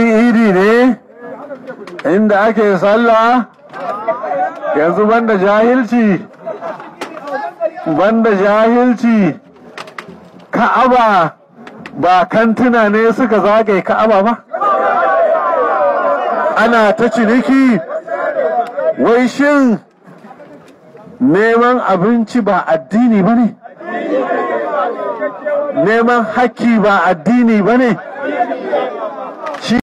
idi ne inda ake sallah yanzu banda jahilci banda jahilci ka'aba ba kantuna ne suka zage ka'aba ba ana ta ciniki wai shin neman abinci ba addini ba ne neman haƙƙi ba addini ba ne